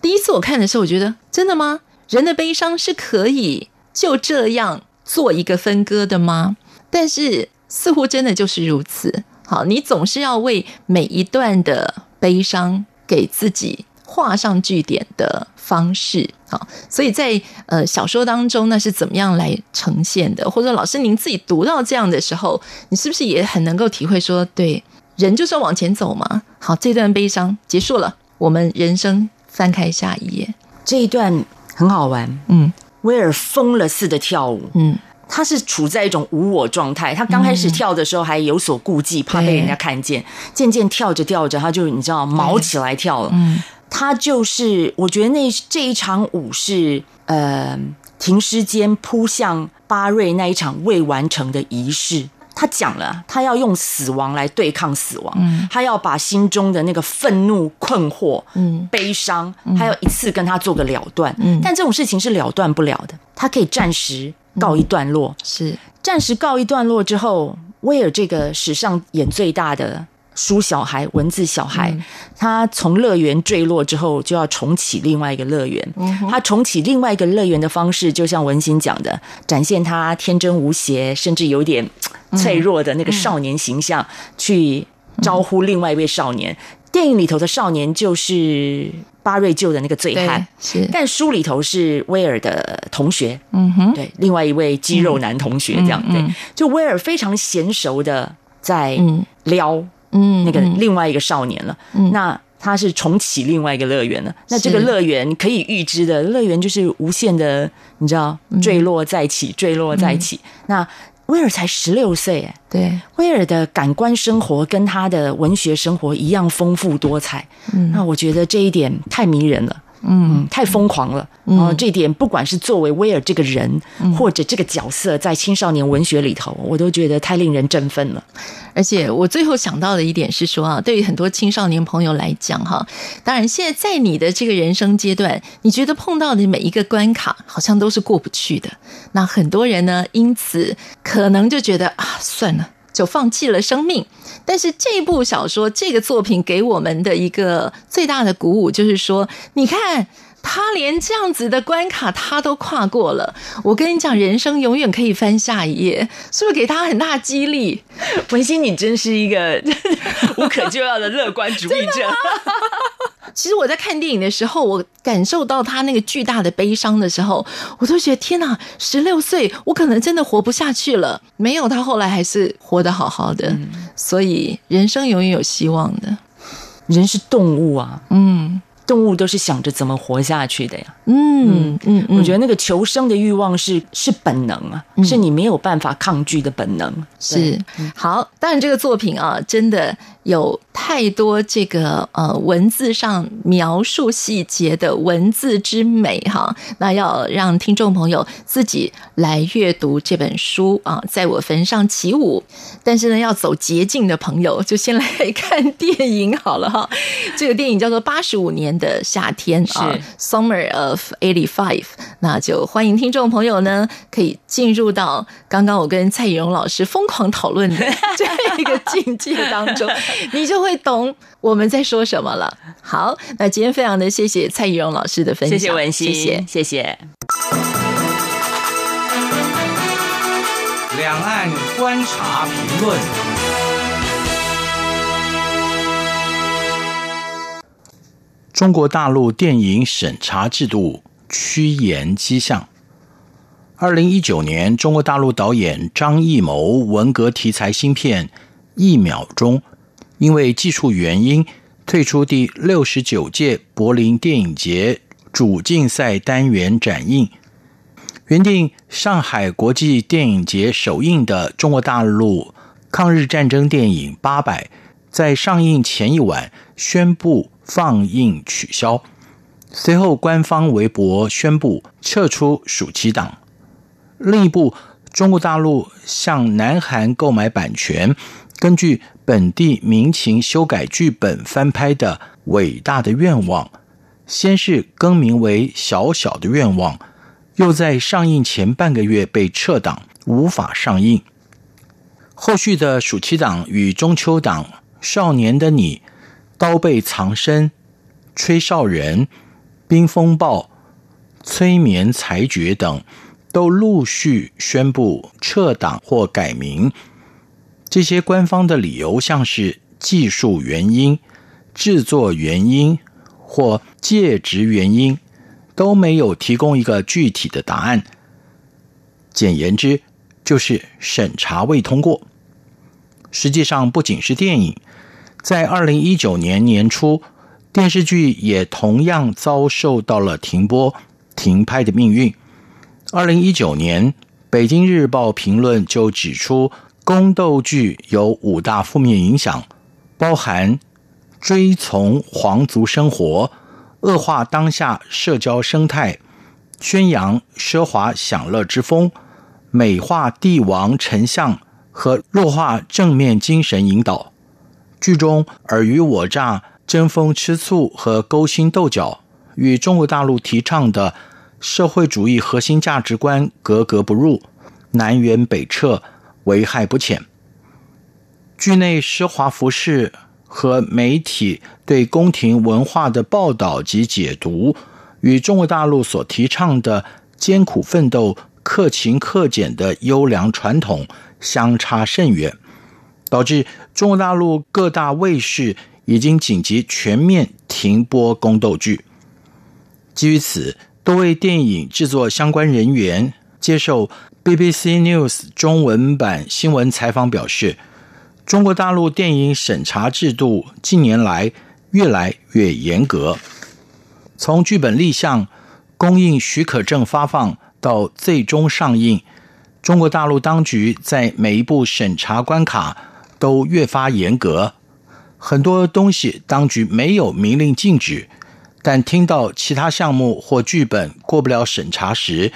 B: 第一次我看的時候，我覺得，真的嗎？人的悲傷是可以就這樣做一個分割的嗎？但是似乎真的就是如此。好，你總是要為每一段的悲傷給自己畫上句點的方式。好，所以在呃小說當中呢，那是怎麼樣來呈現的？或者說老師您自己讀到這樣的時候，你是不是也很能夠體會說，對人就是要往前走嘛？好，這段悲傷結束了，我們人生翻開下一頁，這一段。很好玩，嗯，威爾瘋了似的跳舞，嗯，他
C: 是處在一種無我狀態。他剛開始跳的時候還有所顧忌，怕被人家看見。嗯，漸漸跳着跳着，他就你知道，毛起來跳了。嗯，他就是，我覺得那這一場舞是，呃，停屍間撲向巴瑞那一場未完成的儀式。他講了，他要用死亡來對抗死亡，嗯，他要把心中的那個憤怒、困惑、嗯，悲傷，還有一次跟他做個了斷，嗯。但這種事情是了斷不了的，他可以暫時告一段落。嗯，是。暫時告一段落之後，威爾這個史上演最大的。書小孩文字小孩，嗯、他從樂園墜落之後，就要重啟另外一個樂園，嗯。他重啟另外一個樂園的方式，就像文心講的，展現他天真無邪，甚至有點脆弱的那個少年形象，嗯，去招呼另外一位少年，嗯。電影裡頭的少年就是巴瑞救的那個醉漢，是，但書裡頭是威爾的同學，嗯
A: 哼，對，
C: 另外一位肌肉男同學這樣子，嗯。就威爾非常嫻熟的在撩。嗯嗯，那個另外一個少年了，嗯，那他是重啟另外一個樂園了。嗯，那這個樂園可以預知的樂園就是無限的，你知道，墜落再起，嗯，墜落再起。嗯，那威爾才十六歲誒，對，威爾的感官生活跟他的文學生活一樣豐富多彩。嗯，那我覺得這一點太迷人了。嗯，太瘋狂了！嗯，這一點不管是作為威爾這個人，嗯，或者這個角色，在青少年文學裡頭，我都覺得
B: 太令人振奮了。而且我最後想到的一點是說啊，對於很多青少年朋友來講，哈，當然現在在你的這個人生階段，你覺得碰到的每一個關卡，好像都是過不去的。那很多人呢，因此可能就覺得啊，算了。就放棄了生命，但是這部小說這個作品給我們的一個最大的鼓舞，就是說，你看他連這樣子的關卡他都跨過了。我跟你講，人生永遠可以翻下一頁，是不是給他很大激勵？文心，你真是一個
C: 無可救藥的樂觀主義者。
B: 其實我在看電影的時候，我感受到他那個巨大的悲傷的時候，我都覺得天哪，十六歲，我可能真的活不下去了。沒有他，後來還是活得好好的，嗯，所以人生永遠有希望的。人是
C: 動物啊，嗯。動物都是想着怎麼活下去的呀。
A: 嗯嗯，我覺
C: 得那個求生的慾望是、嗯、是本能啊，是你沒有辦法抗拒的本能。嗯、是
B: 好，當然這個作品啊，真的有太多這個呃文字上，描述細節的文字之美哈。那要讓聽眾朋友自己來閱讀這本書啊，《在我墳上起舞》，但是呢，要走捷徑的朋友就先來看電影好了哈。這個電影叫做《八十五年。》 的夏天啊，Summer of eighty five，那就歡迎聽眾朋友呢，可以進入到剛剛我跟蔡宜容老師瘋狂討論的這個境界當中， 你就會懂我們在說什麼了。好，那今天非常的謝謝蔡宜容老師的分享，謝謝文心，謝謝謝謝。兩岸觀察
E: 評論。中國大陸電影審查制度趨嚴跡象。二零一九年，中國大陸導演張藝謀文革題材新片《一秒鐘》因為技術原因退出第六十九屆柏林電影節主競賽單元展映。原定上海國際電影節首映的中國大陸抗日戰爭電影《八百》。在上映前一晚宣布放映取消，隨後官方微博宣布撤出暑期檔。另一部中國大陸向南韓購買版權、根據本地民情修改劇本翻拍的《偉大的願望》，先是更名為《小小的願望》，又在上映前半個月被撤檔，無法上映。後續的暑期檔與中秋檔。少年的你、刀背藏身、吹哨人、冰風暴、催眠裁決等，都陸續宣布撤檔或改名。這些官方的理由像是技術原因、製作原因或介質原因，都沒有提供一個具體的答案。簡言之，就是審查未通過。實際上，不僅是電影。在二零一九年年初，電視劇也同樣遭受到了停播、停拍的命運。二零一九年，《北京日報》評論就指出，宮鬥劇有五大負面影響，包含追從皇族生活、惡化當下社交生態、宣揚奢華享樂之風、美化帝王丞相和弱化正面精神引導。劇中爾虞我詐、爭風吃醋和勾心鬥角，與中國大陸提倡的社會主義核心價值觀格格不入，南轅北轍，危害不淺。劇內奢華服飾和媒體對宮廷文化的報道及解讀，與中國大陸所提倡的艱苦奮鬥、克勤克儉的優良傳統相差甚遠。導致中國大陸各大衛視已經緊急全面停播宮鬥劇。基於此，多位電影製作相關人員接受 BBC News 中文版新聞採訪表示，中國大陸電影審查制度近年來越來越嚴格，從劇本立項、公映許可證發放到最終上映，中國大陸當局在每一步審查關卡。都越發嚴格，很多東西當局沒有明令禁止，但聽到其他項目或劇本過不了審查時，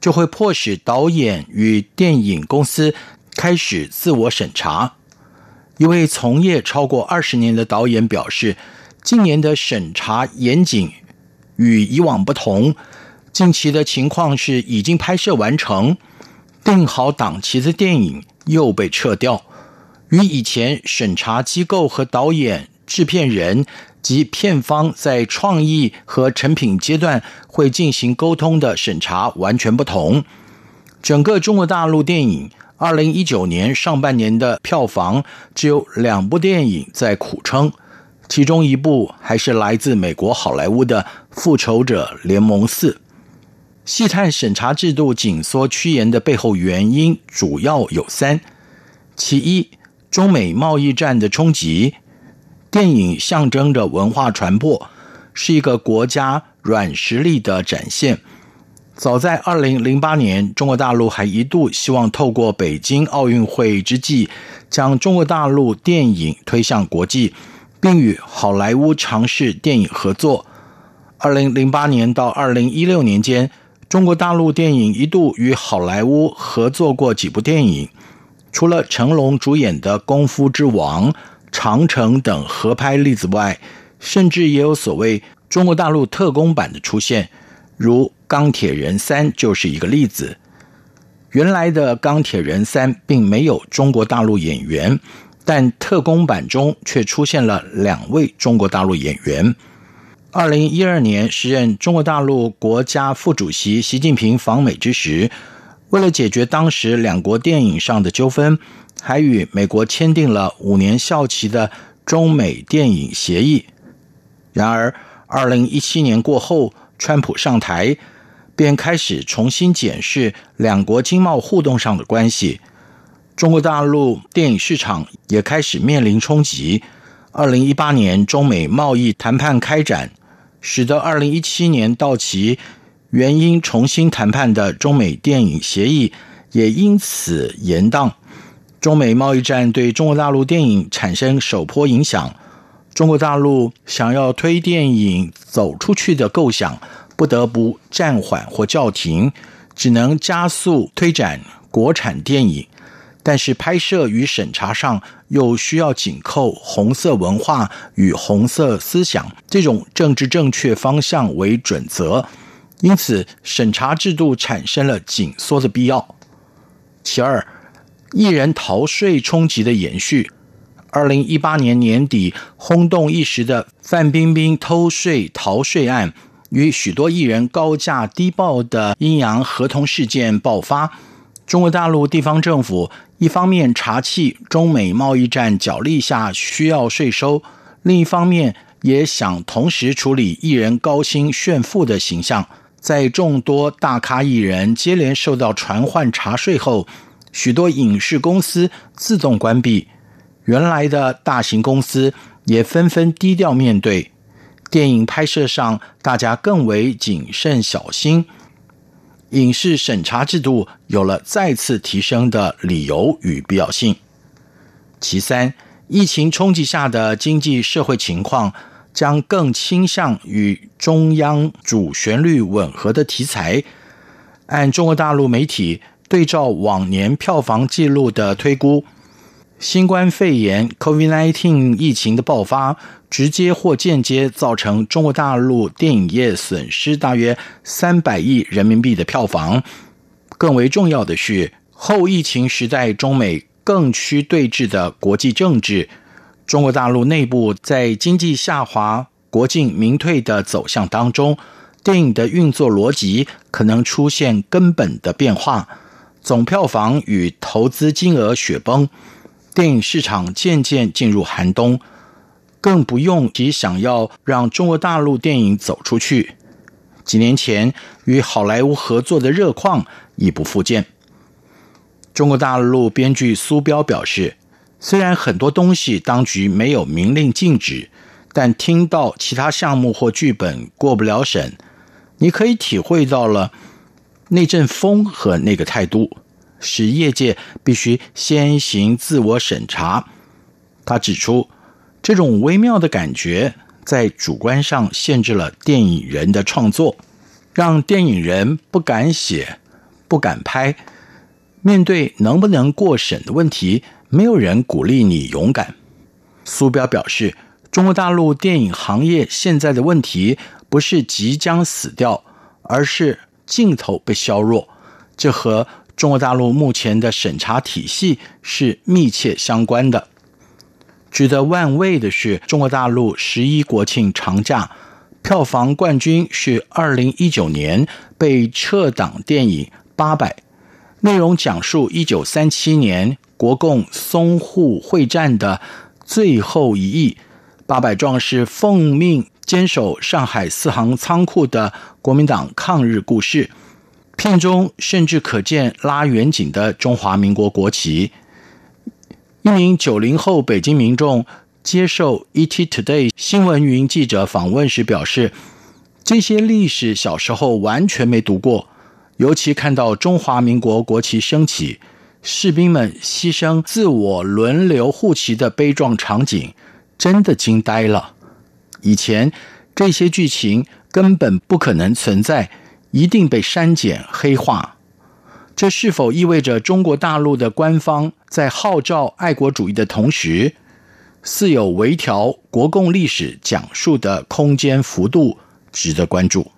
E: 就會迫使導演與電影公司開始自我審查。一位從業超過二十年的導演表示，今年的審查嚴謹與以往不同。近期的情況是，已經拍攝完成、定好檔期的電影又被撤掉。與以前審查機構和導演、制片人及片方在創意和成品階段會進行溝通的審查完全不同。整個中國大陸電影二零一九年上半年的票房只有兩部電影在苦撐，其中一部還是來自美國好萊塢的《復仇者聯盟四》。細探審查制度緊縮趨嚴的背後原因主要有三：其一。中美貿易戰的衝擊，電影象徵着文化傳播，是一個國家軟實力的展現。早在二零零八年，中國大陸還一度希望透過北京奧運會之際，將中國大陸電影推向國際，並與好萊塢嘗試電影合作。二零零八年到二零一六年間，中國大陸電影一度與好萊塢合作過幾部電影。除了成龍主演的《功夫之王》《長城》等合拍例子外，甚至也有所謂中國大陸特工版的出現，如《鋼鐵人三》就是一個例子。原來的《鋼鐵人三》並沒有中國大陸演員，但特工版中卻出現了兩位中國大陸演員。二零一二年，時任中國大陸國家副主席習近平訪美之時，為了解決當時兩國電影上的糾紛，還與美國簽訂了五年效期的中美電影協議。然而，二零一七年過後，川普上台便開始重新檢視兩國經貿互動上的關係。中國大陸電影市場也開始面臨衝擊。二零一八年中美貿易談判開展，使得二零一七年到期。原因重新談判的中美電影協議也因此延宕。中美貿易戰對中國大陸電影產生首波影響，中國大陸想要推電影走出去的構想不得不暫緩或叫停，只能加速推展國產電影。但是拍攝與審查上又需要緊扣紅色文化與紅色思想這種政治正確方向為準則。因此，審查制度產生了緊縮的必要。其二，藝人逃稅衝擊的延續。二零一八年年底，轟動一時的范冰冰偷稅逃稅案與許多藝人高價低報的陰陽合同事件爆發。中國大陸地方政府一方面查氣中美貿易戰角力下需要稅收，另一方面也想同時處理藝人高薪炫富的形象。在眾多大咖藝人接連受到傳喚查稅後，許多影視公司自動關閉，原來的大型公司也紛紛低調面對。電影拍攝上，大家更為謹慎小心，影視審查制度有了再次提升的理由與必要性。其三，疫情衝擊下的經濟社會情況。將更傾向與中央主旋律吻合的題材。按中國大陸媒體對照往年票房記錄的推估，新冠肺炎 （COVID-19） 疫情的爆發，直接或間接造成中國大陸電影業損失大約三百億人民幣的票房。更為重要的是，後疫情時代中美更趨對峙的國際政治。中國大陸內部在經濟下滑、國進民退的走向當中，電影的運作邏輯可能出現根本的變化。總票房與投資金額雪崩，電影市場漸漸進入寒冬，更不用提想要讓中國大陸電影走出去。幾年前與好萊塢合作的熱況已不復見。中國大陸編劇蘇彪表示。雖然很多東西當局沒有明令禁止，但聽到其他項目或劇本過不了審，你可以體會到了那陣風和那個態度，使業界必須先行自我審查。他指出，這種微妙的感覺在主觀上限制了電影人的創作，讓電影人不敢寫、不敢拍，面對能不能過審的問題。沒有人鼓勵你勇敢，蘇彪表示，中國大陸電影行業現在的問題不是即將死掉，而是鏡頭被削弱，這和中國大陸目前的審查體系是密切相關的。值得玩味的是，中國大陸十一國慶長假票房冠軍是二零一九年被撤檔電影《八百》，內容講述一九三七年。國共淞滬會戰的最後一役，八百壯士奉命堅守上海四行倉庫的國民黨抗日故事，片中甚至可見拉遠景的中華民國國旗。一名九零後北京民眾接受《ET Today》新聞雲記者訪問時表示：“這些歷史小時候完全沒讀過，尤其看到中華民國國旗升起。”士兵們犧牲自我、輪流護旗的悲壯場景，真的驚呆了。以前這些劇情根本不可能存在，一定被刪減黑化。這是否意味着中國大陸的官方在號召愛國主義的同時，似有微調國共歷史講述的空間幅度，值得關注。